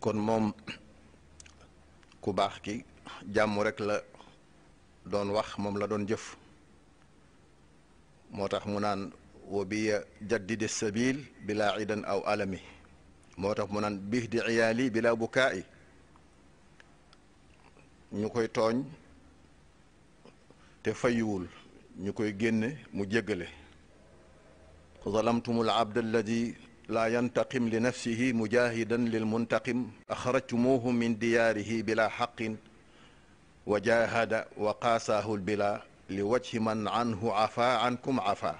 kon moom ku baax ki jàmm rek la doon wax moom la doon jëf moo tax mu naan wa biya jaddidi sabil bila idan aw alami moo tax mu naan biix di iyaali bila bukaa'i ñu koy tooñ te fayiwul ñu koy génne mu jéggale zalamtumul abd laa yantaqim li nafsihi mujahidan lil muntaqim axrajtumuuhu min diyaarihi bila xaqin wa jahada wa qaasaahu bila li wajhi man anhu afa ankum afa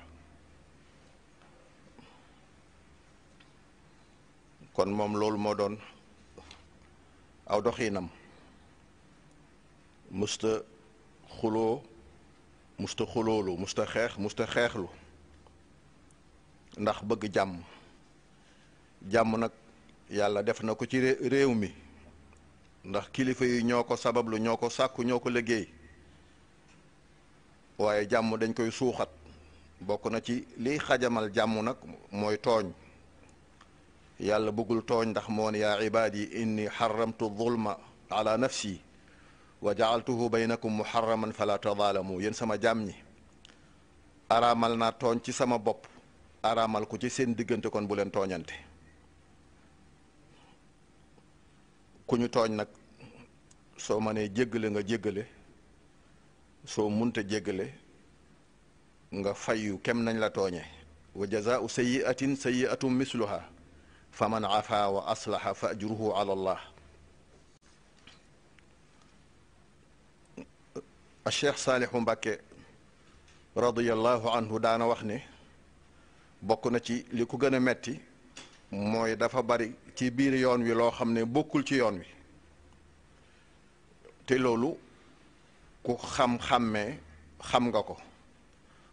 kon moom loolu moo doon aw doxiinam musta xuloo musta xuloolu musta xeex musta xeexlu ndax bëgg jàmm jàmm nag yàlla def na ko ci réew mi ndax kilifa yi ñoo ko sabablu ñoo ko sàkku ñoo ko liggéey waaye jàmm dañ koy suuxat bokk na ci liy xajamal jàmm nag mooy tooñ yàlla bëggul tooñ ndax moo ne yaa ibaadi inni xaramtu zulma ala nafsi bay jaaltuhu mu muharraman fala tadaalamu yéen sama jàmm ñi araamal naa tooñ ci sama bopp araamal ko ci seen diggante kon bu leen tooñante ku ñu tooñ nag soo mënee jéggale nga jéggale soo munta jéggale nga fayyu kem nañ la tooñe wa jazaau sayiatin sayiatum misluha fa man afa wa aslaha fa ajruhu ala allah a cheikh mbàkke radiallahu anhu daana wax ne bokk na ci li ku gën a metti mooy dafa bari ci biir yoon wi loo xam ne bokkul ci yoon wi te loolu ku xam-xàmmee xam nga ko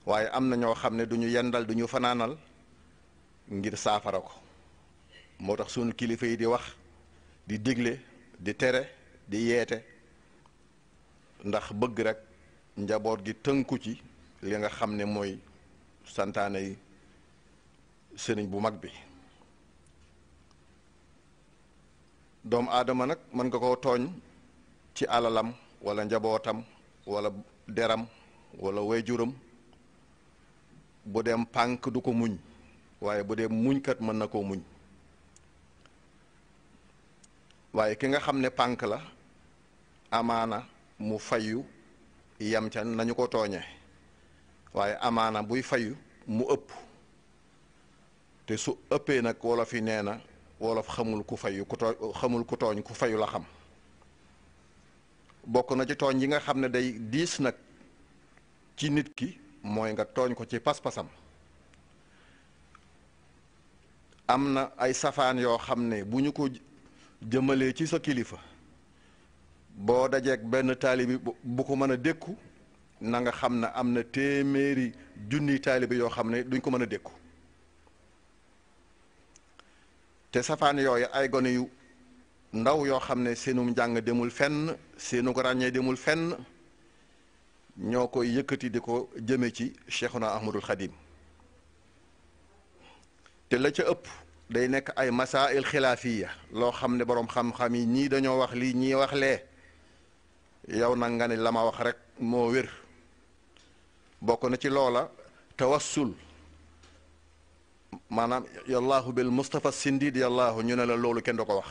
waaye am na ñoo xam ne du ñu yendal du ñu fanaanal ngir saafara ko moo tax sunu kilifa yi di wax di digle di tere di yeete ndax bëgg rekk njaboot gi tënku ci li nga xam ne mooy santaane yi sëriñ bu mag bi doomu aadama nag mën nga koo tooñ ci alalam wala njabootam walla deram wala wayjuram bu dem pànk du ko muñ waaye bu dee muñkat mën na koo muñ waaye ki nga xam ne pànk la amaana mu fayu yam ca nañu ko tooñe waaye amaana buy fayu mu ëpp te su ëppee nag wolof fi nee na wolof xamul ku fayu ku tooñ xamul ku tooñ ku fayu la xam bokk na ci tooñ yi nga xam ne day diis nag ci nit ki mooy nga tooñ ko ci pas-pasam am na ay safaan yoo xam ne bu ñu ko jëmalee ci sa kilifa boo dajeek benn taalibi bu ko mën a dékku na nga xam ne am na téeméeri junni taalibi yoo xam ne duñ ko mën a dékku te safaan yooyu ay gone yu ndaw yoo xam ne seenum njàng demul fenn seenu ko ràññee demul fenn ñoo koy yëkkati di ko jëme ci Cheikhuna Ahmadul Xadim te la ca ëpp day nekk ay masail xilaafiya loo xam ne boroom xam-xam yi ñii dañoo wax lii ñii wax lee yow na nga ne la ma wax rek moo wér bokk na ci loola tawassul maanaam yallaahu bil Moustapha Sindiid yallaahu ñu ne la loolu kenn du ko wax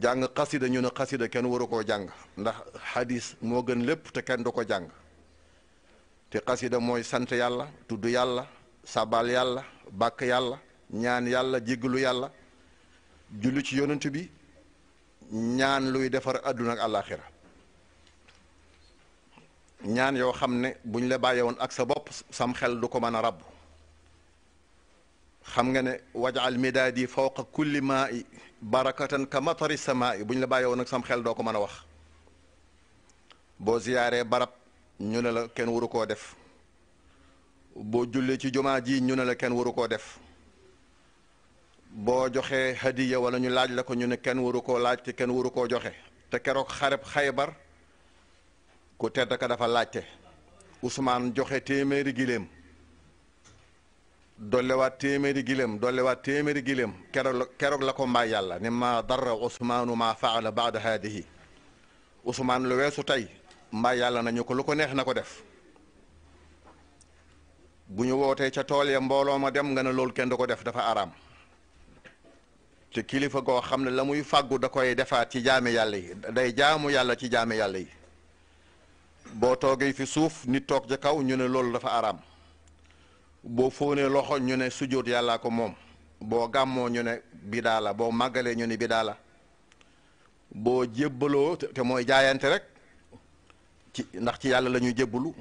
jàng xasida ñu ne xasida kenn waru koo jàng ndax xadis moo gën lépp te kenn du ko jàng te xasida mooy sant yàlla tudd yàlla sabal yàlla bàkk yàlla ñaan yàlla jéggalu yàlla julli ci yonent bi ñaan luy defar àdduna ak ñaan yoo xam ne bu ñu la bàyyi woon ak sa bopp sam xel du ko mën a ràbb xam nga ne wajaal midaadi fawqa kulli maa i barakatan ka matari samaa i bu ñu la bàyyi woon nag sam xel doo ko mën a wax boo ziyaaree barab ñu ne la kenn waru koo def boo jullee ci jumaa ji ñu ne la kenn waru koo def boo joxee hadiya wala ñu laaj la ko ñu ne kenn waru koo laaj te kenn waru koo joxe te keroog xareb xaybar ku tedd ka dafa laajte Ousmane joxe téeméeri giléem dollewaat téeméeri giléem dollewaat téeméeri giléem keroog la ko mbaay yàlla ne ma darra usmaanu ma faala baada haadihi usmaan lu weesu tey mbaay yàlla nañu ko lu ko neex na ko def bu ñu wootee ca tool ya mbooloo ma dem nga ne loolu kenn du ko def dafa araam te kilifa goo xam ne la muy fàggu da koy defaat ci jaame yàlla yi day jaamu yàlla ci jaame yàlla yi boo toogee fi suuf nit toog ca kaw ñu ne loolu dafa araam boo fóonee loxo ñu ne sujjóot yàllaa ko moom boo gàmmoo ñu ne bidaa la boo màggalee ñu ne bidaa la boo jébbaloo te mooy jaayante rek ci ndax ci yàlla la ñuy jébbalu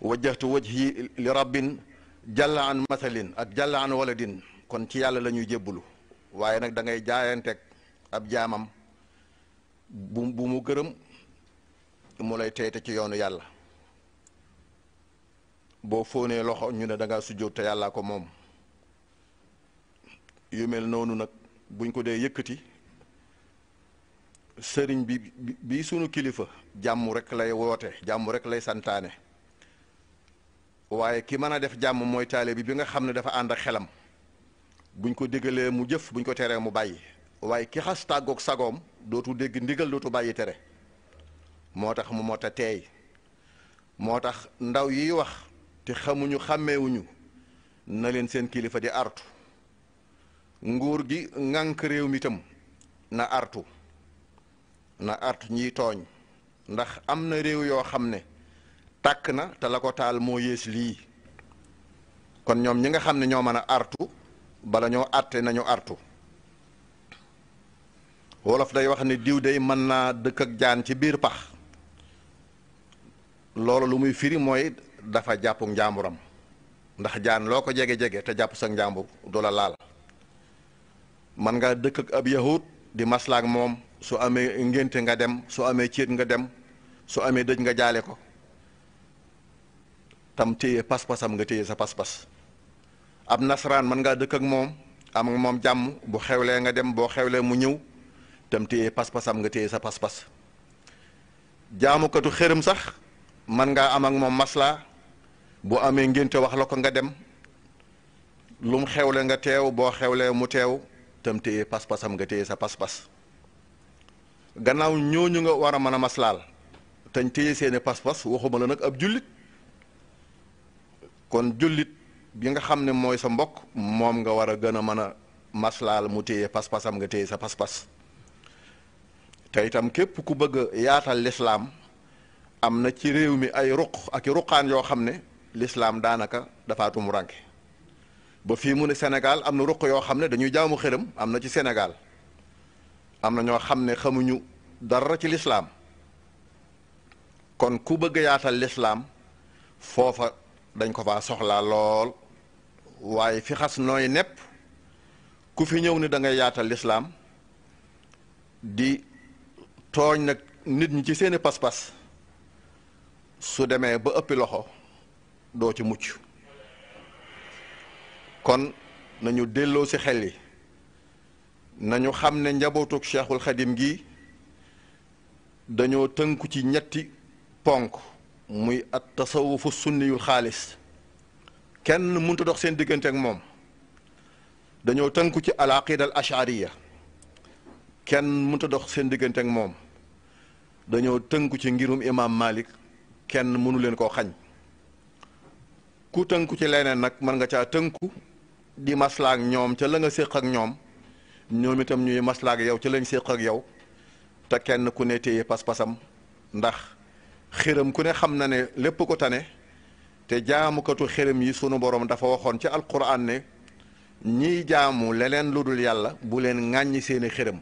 wajjahtu wajhi li rabbin ak jalla an waladin kon ci yàlla la ñuy jébbalu waaye nag dangay ngay ab jaamam bu bu mu gërëm mu lay teyte ci yoonu yàlla boo fóonee loxo ñu ne da ngaa sujjóot te yàllaa ko moom yu mel noonu nag buñ ko dee yëkkati sëriñ bi bi sunu kilifa jàmm rek lay woote jàmm rek lay santaane waaye ki mën a def jàmm mooy taale bi bi nga xam ne dafa ànd ak xelam buñ ko digalee mu jëf buñ ko teree mu bàyyi waaye ki xas tàggoog sagoom dootu dégg ndigal dootu bàyyi tere moo tax mu mota teey moo tax ndaw yi wax te xamuñu xàmmewuñu na leen seen kilifa di artu nguur gi ŋànk réew mi tam na artu na artu ñiy tooñ ndax am na réew yoo xam ne tàkk na te la ko taal moo yées lii kon ñoom ñi nga xam ne ñoo mën a artu bala ñoo àtte nañu artu wolof day wax ne diw day mën naa dëkk ak jaan ci biir pax loolu lu muy firi mooy dafa jàpp njàmburam ndax jaan loo ko jege-jege te jàpp sa njàmbur du la laal man ngaa dëkk ak ab yahut di maslaak moom su amee ngénte nga dem su amee céet nga dem su amee dëj nga jaale ko tam téye pas-pasam nga téye sa pas-pas ab nasaraan mën ngaa dëkk ak moom am nga moom jàmm bu xewlee nga dem boo xewlee mu ñëw tam téye pas-pasam nga téye sa pas-pas jaamukatu xërëm sax mën ngaa am moom maslaa bu amee ngénte wax la ko nga dem lu mu xewle nga teew boo xewlee mu teew tam téye pas-pasam nga téye sa pas-pas gannaaw ñu nga war a mën a maslaal tañ téye seeni pas-pas waxuma la nag ab jullit kon jullit bi nga xam ne mooy sa mbokk moom nga war a gën a mën a maslaal mu téye pas-pasam nga téye sa pas-pas te itam képp ku bëgg yaatal lislaam am na ci réew mi ay ruq ak i ruqaan yoo xam ne lislaam daanaka dafa tumu ranke ba fii mu ne senegaal am na ruq yoo xam ne dañuy jaamu xërëm am na ci Sénégal am na ñoo xam ne xamuñu dara ci lislaam kon ku bëgg yaatal lislaam foofa dañ ko faa soxlaa lool waaye fi xas nooy nepp ku fi ñëw ni dangay yaatal lislaam di tooñ nag nit ñi ci seeni pas-pas su demee ba ëppi loxo doo ci mucc kon nañu delloo ci xel yi nañu xam ne njabootuk cheikhul xadim gi dañoo tënku ci ñetti ponk muy at tasawufu sunniyul xaalis kenn mënta dox seen diggante ak moom dañoo tënku ci al aqida al kenn mënta dox seen diggante ak moom dañoo tënku ci ngirum imam malik kenn mënu leen koo xañ ku tënku ci leneen nag mën nga caa tënku di maslaak ñoom ca la nga séq ak ñoom ñoom itam ñuy maslaak yow ca lañ séq ak yow te kenn ku ne téye pas-pasam ndax xërëm ku ne xam na ne lépp ko tane te jaamukatu xërëm yi sunu borom dafa waxoon ci alquran ne ñiy jaamu leneen lu dul yàlla bu leen ŋàññi seeni xërëm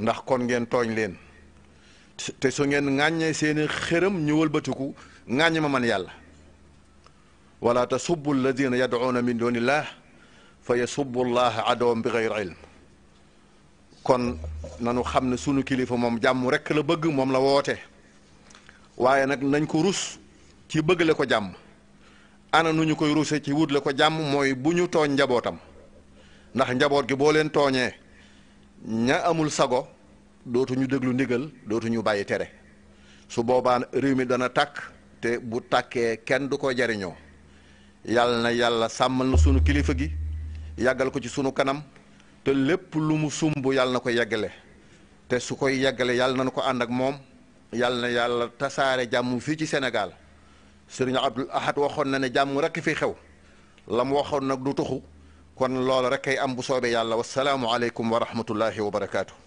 ndax kon ngeen tooñ leen te su ngeen ŋàññee seeni xërëm ñu wëlbatiku ŋàññ ma man yàlla wala tasubbu alladina yad'una min dunillah fa yasubbu llaha adoom bi gayri ilm kon nanu xam ne sunu kilifa moom jàmm rekk la bëgg moom la woote waaye nag nañ ko rus ci bëgg la ko jàmm ana nu ñu koy ruse ci wut la ko jàmm mooy bu ñu tooñ njabootam ndax njaboot gi boo leen tooñee ña amul sago dootu ñu déglu ndigal dootu ñu bàyyi tere su boobaa réew mi dana tàkk te bu tàkkee kenn du ko jariñoo yàlla na yàlla sàmmal na sunu kilifa gi yàggal ko ci sunu kanam te lépp lu mu sumb yàlla na ko yeggale te su koy yeggale yàlla na nu ko ànd ak moom yàlla na yàlla tasaare jàmm fii ci senegal sëriñ Abdul Ahad waxoon na ne jàmm rekk fi xew la mu waxoon nag du taxu kon loolu rek kay am bu soobee yàlla wa wasalaamualeykum wa rahmatullahi wa barakaatu.